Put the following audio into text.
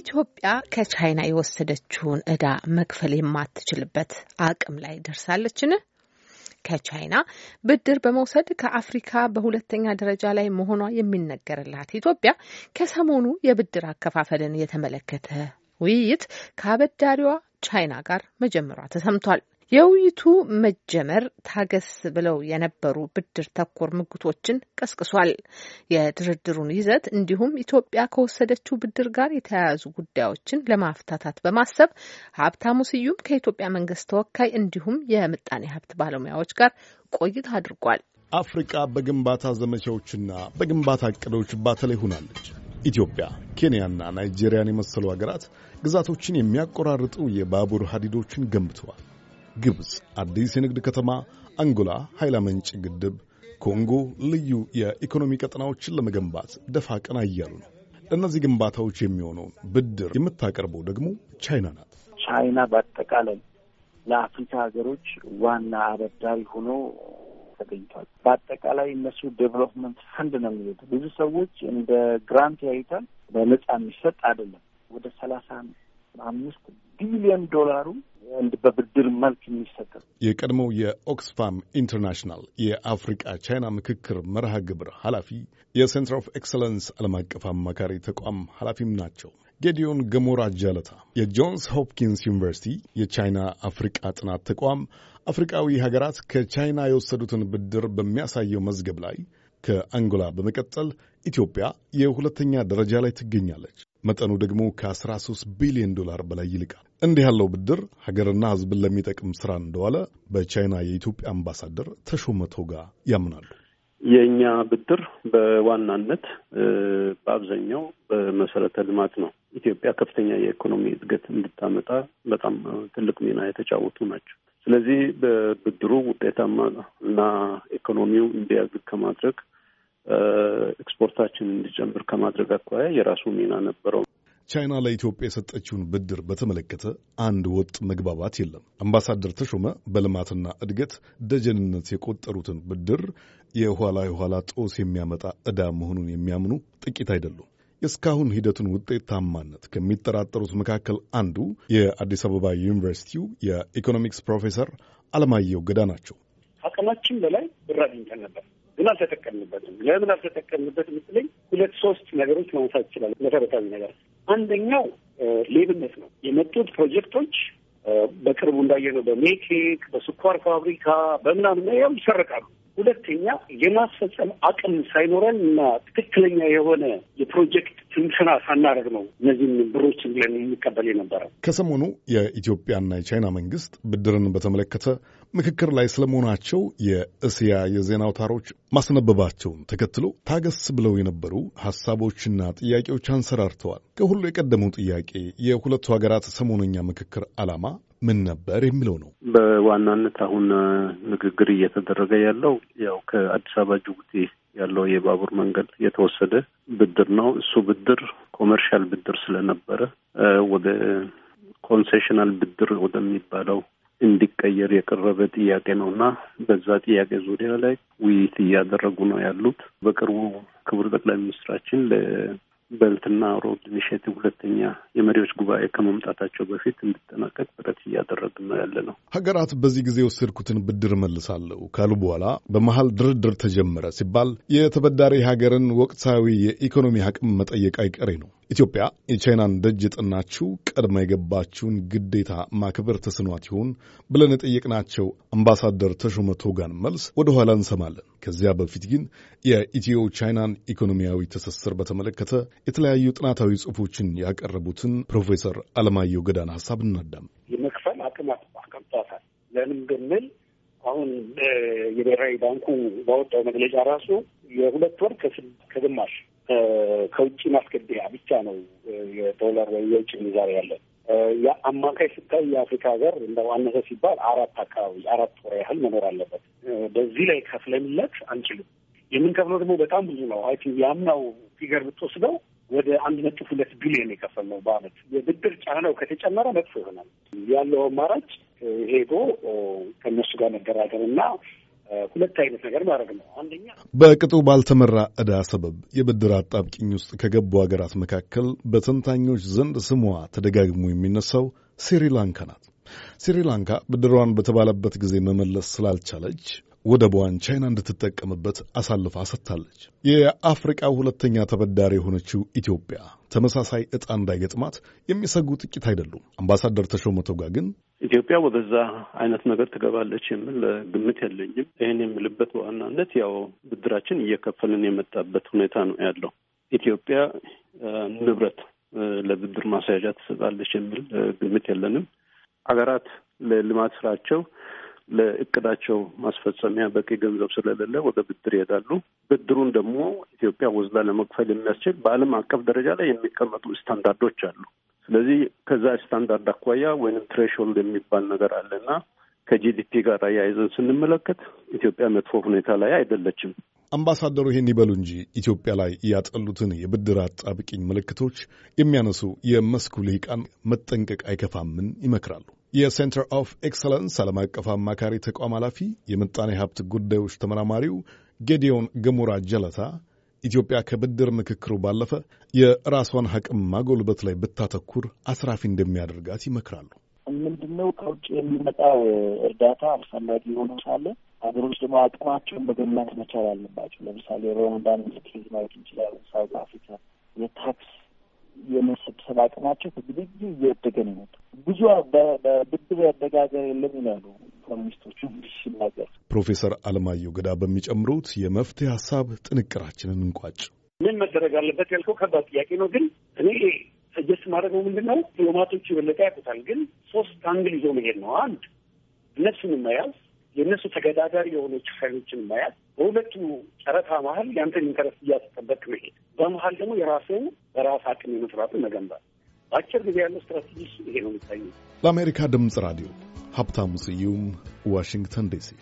ኢትዮጵያ ከቻይና የወሰደችውን እዳ መክፈል የማትችልበት አቅም ላይ ደርሳለችን? ከቻይና ብድር በመውሰድ ከአፍሪካ በሁለተኛ ደረጃ ላይ መሆኗ የሚነገርላት ኢትዮጵያ ከሰሞኑ የብድር አከፋፈልን የተመለከተ ውይይት ከአበዳሪዋ ቻይና ጋር መጀመሯ ተሰምቷል። የውይይቱ መጀመር ታገስ ብለው የነበሩ ብድር ተኮር ምግቶችን ቀስቅሷል። የድርድሩን ይዘት እንዲሁም ኢትዮጵያ ከወሰደችው ብድር ጋር የተያያዙ ጉዳዮችን ለማፍታታት በማሰብ ሀብታሙ ስዩም ከኢትዮጵያ መንግስት ተወካይ እንዲሁም የምጣኔ ሀብት ባለሙያዎች ጋር ቆይታ አድርጓል። አፍሪቃ በግንባታ ዘመቻዎችና በግንባታ እቅዶች ባተላይ ሆናለች። ኢትዮጵያ፣ ኬንያና ናይጄሪያን የመሰሉ ሀገራት ግዛቶችን የሚያቆራርጡ የባቡር ሀዲዶችን ገንብተዋል። ግብፅ አዲስ የንግድ ከተማ፣ አንጎላ ኃይል አመንጭ ግድብ፣ ኮንጎ ልዩ የኢኮኖሚ ቀጠናዎችን ለመገንባት ደፋ ቀና እያሉ ነው። ለእነዚህ ግንባታዎች የሚሆነውን ብድር የምታቀርበው ደግሞ ቻይና ናት። ቻይና በአጠቃላይ ለአፍሪካ ሀገሮች ዋና አበዳሪ ሆኖ ተገኝቷል። በአጠቃላይ እነሱ ዴቨሎፕመንት ፈንድ ነው የሚሉት። ብዙ ሰዎች እንደ ግራንት ያዩታል። በነጻ የሚሰጥ አይደለም። ወደ ሰላሳ አምስት ቢሊዮን ዶላሩ በብድር መልክ የሚሰጥ የቀድሞው የኦክስፋም ኢንተርናሽናል የአፍሪቃ ቻይና ምክክር መርሃ ግብር ኃላፊ የሴንትር ኦፍ ኤክሰለንስ ዓለም አቀፍ አማካሪ ተቋም ኃላፊም ናቸው። ጌዲዮን ገሞራ ጃለታ የጆንስ ሆፕኪንስ ዩኒቨርሲቲ የቻይና አፍሪቃ ጥናት ተቋም አፍሪቃዊ ሀገራት ከቻይና የወሰዱትን ብድር በሚያሳየው መዝገብ ላይ ከአንጎላ በመቀጠል ኢትዮጵያ የሁለተኛ ደረጃ ላይ ትገኛለች። መጠኑ ደግሞ ከ13 ቢሊዮን ዶላር በላይ ይልቃል። እንዲህ ያለው ብድር ሀገርና ሕዝብን ለሚጠቅም ስራ እንደዋለ በቻይና የኢትዮጵያ አምባሳደር ተሾመ ቶጋ ያምናሉ። የእኛ ብድር በዋናነት በአብዛኛው በመሰረተ ልማት ነው። ኢትዮጵያ ከፍተኛ የኢኮኖሚ እድገት እንድታመጣ በጣም ትልቅ ሚና የተጫወቱ ናቸው። ስለዚህ በብድሩ ውጤታማ እና ኢኮኖሚው እንዲያድግ ከማድረግ ኤክስፖርታችን እንዲጨምር ከማድረግ አኳያ የራሱ ሚና ነበረው። ቻይና ለኢትዮጵያ የሰጠችውን ብድር በተመለከተ አንድ ወጥ መግባባት የለም። አምባሳደር ተሾመ በልማትና እድገት ደጀንነት የቆጠሩትን ብድር የኋላ የኋላ ጦስ የሚያመጣ ዕዳ መሆኑን የሚያምኑ ጥቂት አይደሉም። እስካሁን ሂደቱን ውጤታማነት ከሚጠራጠሩት መካከል አንዱ የአዲስ አበባ ዩኒቨርሲቲው የኢኮኖሚክስ ፕሮፌሰር አለማየሁ ገዳ ናቸው። አቅማችን በላይ ብር አግኝተን ነበር። ግን አልተጠቀምንበትም። ለምን አልተጠቀምንበት ምስለኝ ሁለት ሶስት ነገሮች ማንሳት ይችላል። መሰረታዊ ነገር አንደኛው ሌብነት ነው። የመጡት ፕሮጀክቶች በቅርቡ እንዳየነው በሜኬክ በስኳር ፋብሪካ በምናምን ያው ይሰረቃሉ። ሁለተኛ የማስፈጸም አቅም ሳይኖረን እና ትክክለኛ የሆነ የፕሮጀክት ትንሽና ሳናደርግ ነው እነዚህም ብሮችን ብለን የሚቀበል የነበረው። ከሰሞኑ የኢትዮጵያና የቻይና መንግስት ብድርን በተመለከተ ምክክር ላይ ስለመሆናቸው የእስያ የዜና አውታሮች ማስነበባቸውን ተከትሎ ታገስ ብለው የነበሩ ሀሳቦችና ጥያቄዎች አንሰራርተዋል። ከሁሉ የቀደመው ጥያቄ የሁለቱ ሀገራት ሰሞነኛ ምክክር ዓላማ ምን ነበር የሚለው ነው። በዋናነት አሁን ንግግር እየተደረገ ያለው ያው ከአዲስ አበባ ጅቡቲ ያለው የባቡር መንገድ የተወሰደ ብድር ነው። እሱ ብድር ኮመርሻል ብድር ስለነበረ ወደ ኮንሴሽናል ብድር ወደሚባለው እንዲቀየር የቀረበ ጥያቄ ነው እና በዛ ጥያቄ ዙሪያ ላይ ውይይት እያደረጉ ነው ያሉት። በቅርቡ ክቡር ጠቅላይ ሚኒስትራችን በልትና ሮድ ኢኒሽቲቭ ሁለተኛ የመሪዎች ጉባኤ ከመምጣታቸው በፊት እንዲጠናቀቅ ጥረት እያደረግ ነው ያለ ነው። ሀገራት በዚህ ጊዜ የወሰድኩትን ብድር መልሳለሁ ካሉ በኋላ በመሀል ድርድር ተጀመረ ሲባል የተበዳሪ ሀገርን ወቅታዊ የኢኮኖሚ አቅም መጠየቅ አይቀሬ ነው። ኢትዮጵያ የቻይናን ደጅ የጠናችው ቀድማ የገባችውን ግዴታ ማክበር ተስኗት ይሆን ብለን የጠየቅናቸው አምባሳደር ተሾመ ቶጋን መልስ ወደ ኋላ እንሰማለን። ከዚያ በፊት ግን የኢትዮ ቻይናን ኢኮኖሚያዊ ትስስር በተመለከተ የተለያዩ ጥናታዊ ጽሑፎችን ያቀረቡትን ፕሮፌሰር አለማየሁ ገዳን ሀሳብ እናዳም። የመክፈል አቅም አቀምጧታል። ለምን ብንል አሁን የብሔራዊ ባንኩ ባወጣው መግለጫ ራሱ የሁለት ወር ከግማሽ ከውጭ ማስገቢያ ብቻ ነው የዶላር ወይ የውጭ ምንዛሪ ያለን። አማካይ ስታይ የአፍሪካ ሀገር እንደው አነሰ ሲባል አራት አካባቢ አራት ወር ያህል መኖር አለበት። በዚህ ላይ ከፍለንለት አንችልም። የምንከፍለው ደግሞ በጣም ብዙ ነው። አይ ቲንክ ያምናው ፊገር ብትወስደው ወደ አንድ ነጥብ ሁለት ቢሊዮን ነው በአመት። የብድር ጫናው ከተጨመረ መጥፎ ይሆናል። ያለው አማራጭ ሄዶ ከእነሱ ጋር መደራደር እና ሁለት አይነት ነገር ማድረግ ነው። አንደኛ በቅጡ ባልተመራ ዕዳ ሰበብ የብድር አጣብቂኝ ውስጥ ከገቡ ሀገራት መካከል በተንታኞች ዘንድ ስሟ ተደጋግሞ የሚነሳው ስሪላንካ ናት። ስሪላንካ ብድሯን በተባለበት ጊዜ መመለስ ስላልቻለች ወደቧን ቻይና እንድትጠቀምበት አሳልፋ ሰጥታለች። የአፍሪቃ ሁለተኛ ተበዳሪ የሆነችው ኢትዮጵያ ተመሳሳይ ዕጣ እንዳይገጥማት የሚሰጉ ጥቂት አይደሉም። አምባሳደር ተሾመ ቶጋ ግን ኢትዮጵያ ወደዛ አይነት ነገር ትገባለች የሚል ግምት የለኝም። ይህን የምልበት በዋናነት ያው ብድራችን እየከፈልን የመጣበት ሁኔታ ነው ያለው። ኢትዮጵያ ንብረት ለብድር ማስያዣ ትሰጣለች የሚል ግምት የለንም። ሀገራት ለልማት ስራቸው ለእቅዳቸው ማስፈጸሚያ በቂ ገንዘብ ስለሌለ ወደ ብድር ይሄዳሉ። ብድሩን ደግሞ ኢትዮጵያ ወዝላ ለመክፈል የሚያስችል በዓለም አቀፍ ደረጃ ላይ የሚቀመጡ ስታንዳርዶች አሉ። ስለዚህ ከዛ ስታንዳርድ አኳያ ወይንም ትሬሾልድ የሚባል ነገር አለና ከጂዲፒ ጋር አያይዘን ስንመለከት ኢትዮጵያ መጥፎ ሁኔታ ላይ አይደለችም። አምባሳደሩ ይህን ይበሉ እንጂ ኢትዮጵያ ላይ ያጠሉትን የብድር አጣብቂኝ ምልክቶች የሚያነሱ የመስኩ ልሂቃን መጠንቀቅ አይከፋምን ይመክራሉ። የሴንተር ኦፍ ኤክሰለንስ ዓለም አቀፍ አማካሪ ተቋም ኃላፊ የምጣኔ ሀብት ጉዳዮች ተመራማሪው ጌዲዮን ገሞራ ጀለታ ኢትዮጵያ ከብድር ምክክሩ ባለፈ የራሷን አቅም ማጎልበት ላይ ብታተኩር አስራፊ እንደሚያደርጋት ይመክራሉ። ምንድነው ከውጭ የሚመጣ እርዳታ አስፈላጊ ሆኖ ሳለ ሀገሮች ደግሞ አቅማቸውን መገንባት መቻል አለባቸው። ለምሳሌ ሩዋንዳን ኬዝ ማየት እንችላለን። ሳውት አፍሪካ የታክስ የመሰብሰብ አቅማቸው ከጊዜ ጊዜ እያደገ ነው። ብዙ በብድር ያነጋገር የለም ይላሉ ኢኮኖሚስቶቹ ሲናገር። ፕሮፌሰር አለማየሁ ገዳ በሚጨምሩት የመፍትሄ ሀሳብ ጥንቅራችንን እንቋጭ። ምን መደረግ አለበት ያልከው ከባድ ጥያቄ ነው። ግን እኔ እጀስ ማድረግ ነው ምንድን ነው ዲፕሎማቶቹ የበለጠ ያውቁታል። ግን ሶስት አንግል ይዞ መሄድ ነው። አንድ እነሱን መያዝ የእነሱ ተገዳዳሪ የሆነች ኃይሎችን መያዝ በሁለቱ ጨረታ መሀል የአንተን ኢንተረስት እያስጠበቅ መሄድ፣ በመሀል ደግሞ የራስን በራስ አቅም የመስራትን መገንባት አጭር ጊዜ ያለው ስትራቴጂ ይሄ ነው የሚታየው። ለአሜሪካ ድምፅ ራዲዮ ሀብታሙ ስዩም ዋሽንግተን ዲሲ